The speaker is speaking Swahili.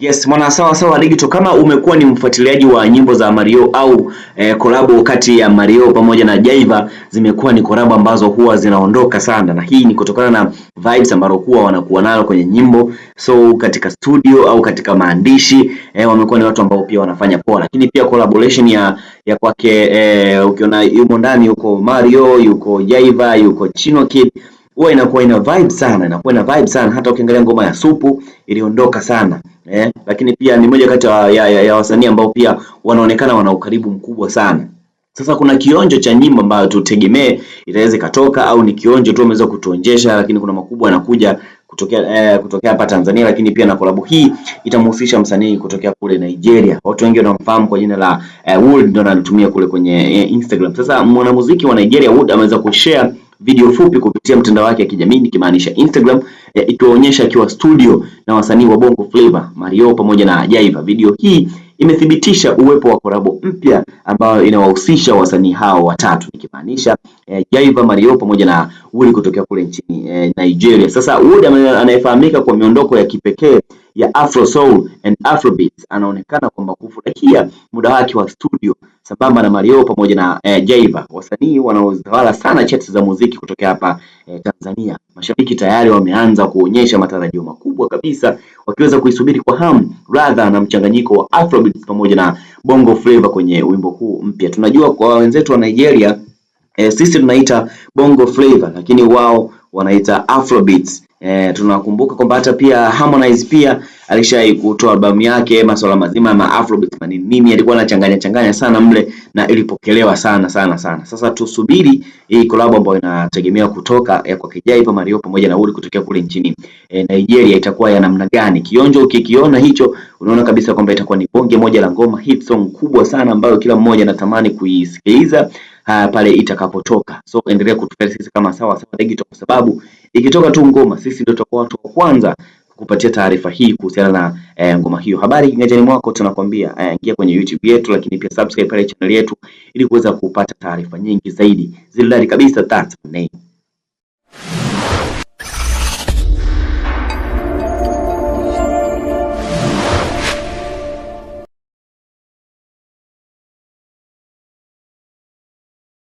Yes, mwana sawa sawa digital, kama umekuwa ni mfuatiliaji wa nyimbo za Mario au eh, kolabo kati ya Mario pamoja na Jaiva zimekuwa ni kolabo ambazo huwa zinaondoka sana, na hii ni kutokana na vibes ambazo huwa wanakuwa nayo kwenye nyimbo, so katika studio au katika maandishi eh, wamekuwa ni watu ambao pia wanafanya poa, lakini pia collaboration ya ya kwake eh, ukiona yumo ndani, yuko Mario, yuko Jaiva, yuko Chino Kid huwa inakuwa ina vibe sana, inakuwa ina vibe sana. Hata ukiangalia ngoma ya Supu iliondoka sana eh, lakini pia ni moja kati ya, ya, ya wasanii ambao pia wanaonekana wana ukaribu mkubwa sana. Sasa kuna kionjo cha nyimbo ambayo tutegemee itaweza ikatoka, au ni kionjo tu ameweza kutuonjesha, lakini kuna makubwa yanakuja kutokea eh, kutokea hapa Tanzania, lakini pia na kolabo hii itamhusisha msanii kutokea kule Nigeria. Watu wengi wanamfahamu kwa jina la eh, Wood, ndio analitumia kule kwenye eh, Instagram. Sasa mwanamuziki wa Nigeria Wood ameweza kushare video fupi kupitia mtandao wake ya kijamii nikimaanisha Instagram, ituonyesha akiwa studio na wasanii wa Bongo Flava, Mario pamoja na Jaiva. Video hii imethibitisha uwepo wa korabo mpya ambayo inawahusisha wasanii hao watatu nikimaanisha eh, Jaiva, Mario pamoja na Wood kutokea kule nchini eh, Nigeria. Sasa Wood anayefahamika kwa miondoko ya kipekee ya Afro Soul and Afro Beats anaonekana kwamba kufurahia muda wake wa studio sambamba na Mario pamoja na eh, Jaiva, wasanii wanaotawala sana chat za muziki kutokea hapa eh, Tanzania. Mashabiki tayari wameanza kuonyesha matarajio makubwa kabisa, wakiweza kuisubiri kwa hamu Rather na mchanganyiko wa Afrobeats pamoja na Bongo Flava kwenye wimbo huu mpya. Tunajua kwa wenzetu wa Nigeria eh, sisi tunaita Bongo Flava, lakini wao wanaita Afrobeats. E, eh, tunakumbuka kwamba hata pia Harmonize pia alishai kutoa albamu yake masuala mazima ya Afrobeat na nini alikuwa anachanganya changanya sana mle na ilipokelewa sana sana sana. Sasa tusubiri hii collab ambayo inategemea kutoka ya eh, kwa Kijai pa Mario pamoja na Uri kutokea kule nchini e, Nigeria itakuwa ya namna gani? Kionjo ukikiona hicho unaona kabisa kwamba itakuwa ni bonge moja la ngoma hit song kubwa sana ambayo kila mmoja anatamani kuisikiliza uh, pale itakapotoka. So endelea kutufuatilia sisi kama Sawa Sawa Digital, kwa sababu ikitoka tu ngoma sisi ndio tutakuwa watu wa kwanza kupatia taarifa hii kuhusiana na eh, ngoma hiyo. Habari kinganjani mwako tunakwambia, eh, ingia kwenye YouTube yetu, lakini pia subscribe pale channel yetu ili kuweza kupata taarifa nyingi zaidi zilizodari kabisa. That's my name.